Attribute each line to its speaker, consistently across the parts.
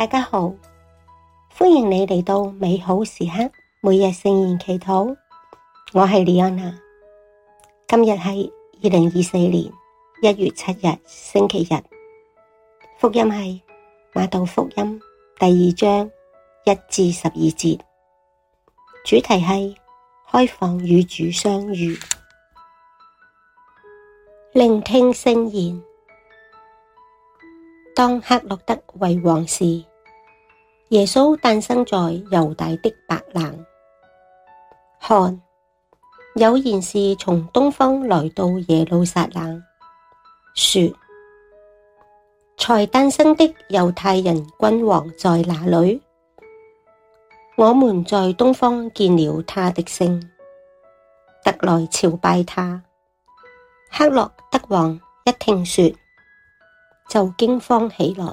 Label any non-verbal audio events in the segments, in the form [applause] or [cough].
Speaker 1: 大家好，歡迎你嚟到美好時刻，每日聖言祈禱。我係李安娜，今日係二零二四年一月七日星期日。福音係瑪竇福音第二章一至十二節，主題係開放與主相遇。聆聽聖言，當黑落德為王時，耶穌誕生在猶大的白冷。看，有賢士從東方來到耶路撒冷說：才誕生的猶太人君王在哪裏？我們在東方見了他的星，特來朝拜他。黑落德王一聽說，就驚慌起來。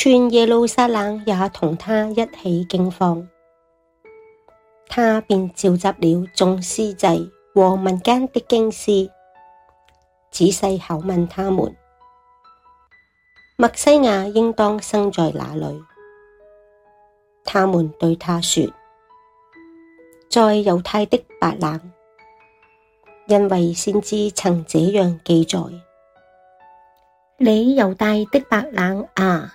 Speaker 1: 全耶路撒冷也同他一起驚慌。他便召集了眾司祭和民間的經師，仔細考問他們：默西亞應當生在那裏？他們對他說：在猶太的白冷，因為先知曾這樣記載。你猶大的白冷啊！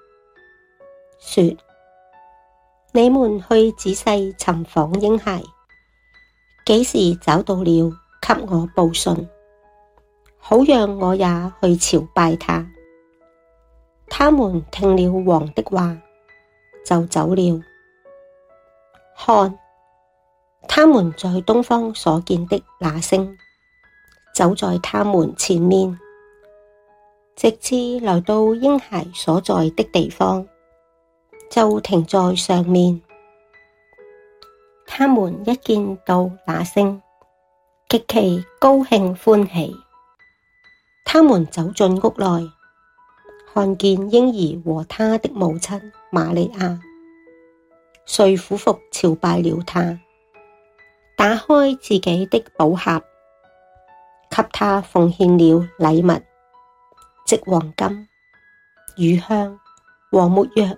Speaker 1: 說：你們去仔細尋訪嬰孩，幾時找到了，給我報信，好讓我也去朝拜他。他們聽了王的話，就走了。看，他們在東方所見的那星，走在他們前面，直至來到嬰孩所在的地方。就停在上面。他們一見到那星，極其高興歡喜。他們走進屋內，看見嬰兒和他的母親瑪利亞，遂俯伏朝拜了他，打開自己的寶匣，給他奉獻了禮物，即黃金、乳香和沒藥。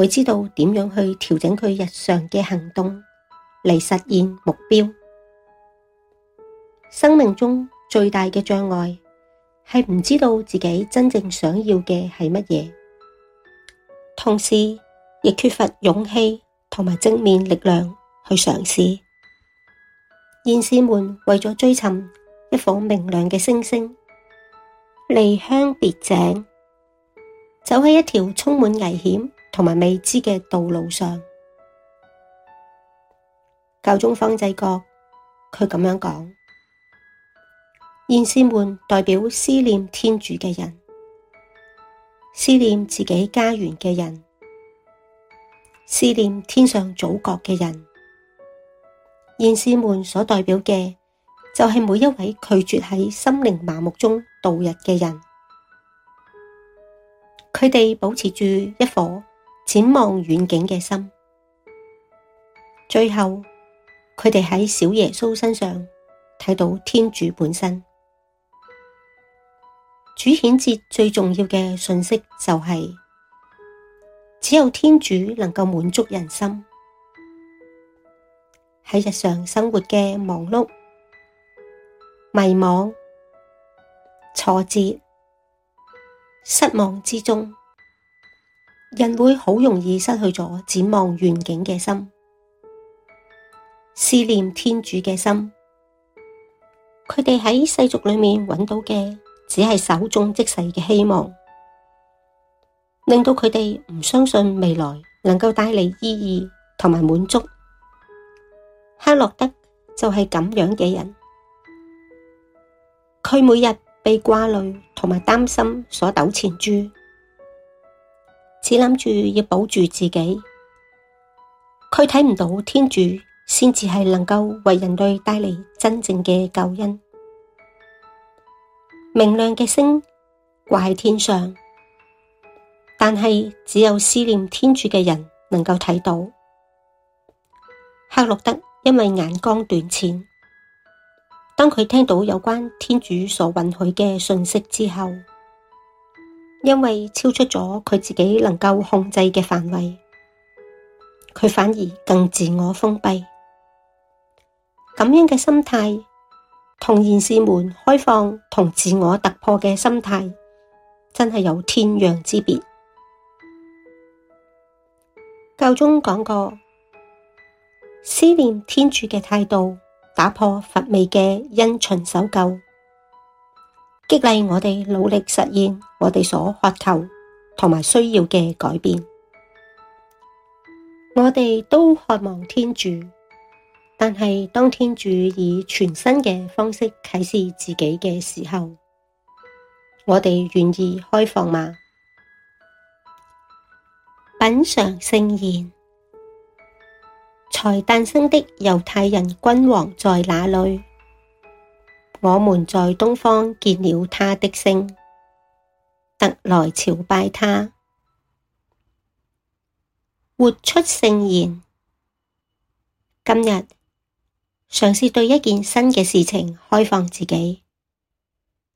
Speaker 1: 會知道點樣去調整佢日常嘅行動嚟實現目標。生命中最大嘅障礙係唔知道自己真正想要嘅係乜嘢，同時亦缺乏勇氣同埋正面力量去嘗試。賢士們為咗追尋一顆明亮嘅星星，離鄉別井，走喺一條充滿危險。同埋未知嘅道路上，教宗方濟各佢咁樣講：「賢士們代表思念天主嘅人，思念自己家園嘅人，思念天上祖國嘅人。賢士們所代表嘅就係每一位拒絕喺心靈麻木中度日嘅人，佢哋保持住一顆。展望願景嘅心，最後佢哋喺小耶穌身上睇到天主本身。主顯節最重要嘅訊息就係，只有天主能夠滿足人心。喺日常生活嘅忙碌、迷惘、挫折、失望之中。人會好容易失去咗展望願景嘅心，思念天主嘅心。佢哋喺世俗裏面揾到嘅，只係稍縱即逝嘅希望，令到佢哋唔相信未來能夠帶嚟意義同埋滿足。黑落德就係咁樣嘅人，佢每日被掛慮同埋擔心所糾纏住。只諗住要保住自己，佢睇唔到天主，先至係能夠為人類帶嚟真正嘅救恩。明亮嘅星掛喺天上，但係只有思念天主嘅人能夠睇到。黑落德因為眼光短淺，當佢聽到有關天主所允許嘅訊息之後。因為超出咗佢自己能夠控制嘅範圍，佢反而更自我封閉。咁樣嘅心態，同賢士們開放同自我突破嘅心態，真係有天壤之別。教宗講過，思念天主嘅態度，打破乏味嘅因循守舊，激勵我哋努力實現，我哋所渴求同埋需要嘅改變，我哋都渴望天主。但係當天主以全新嘅方式啟示自己嘅時候，我哋願意開放嗎？品嚐聖言。才誕生的猶太人君王在哪裏？我們在東方見了祂的星。特來朝拜他。活出聖言。今日嘗試對一件新嘅事情開放自己，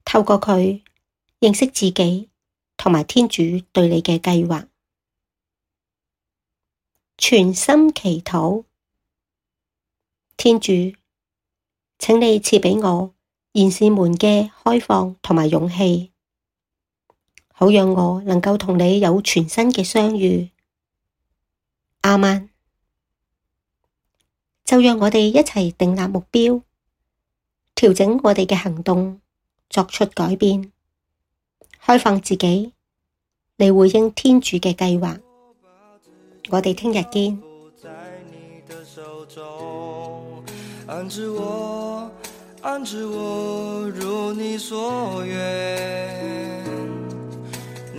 Speaker 1: 透過佢認識自己同埋天主對你嘅計劃。全心祈禱，天主，請你賜畀我賢士們嘅開放同埋勇氣。好讓我能夠同你有全新嘅相遇，阿們。就讓我哋一齊訂立目標，調整我哋嘅行動，作出改變，開放自己嚟回應天主嘅計劃。我哋聽日見。 [noise]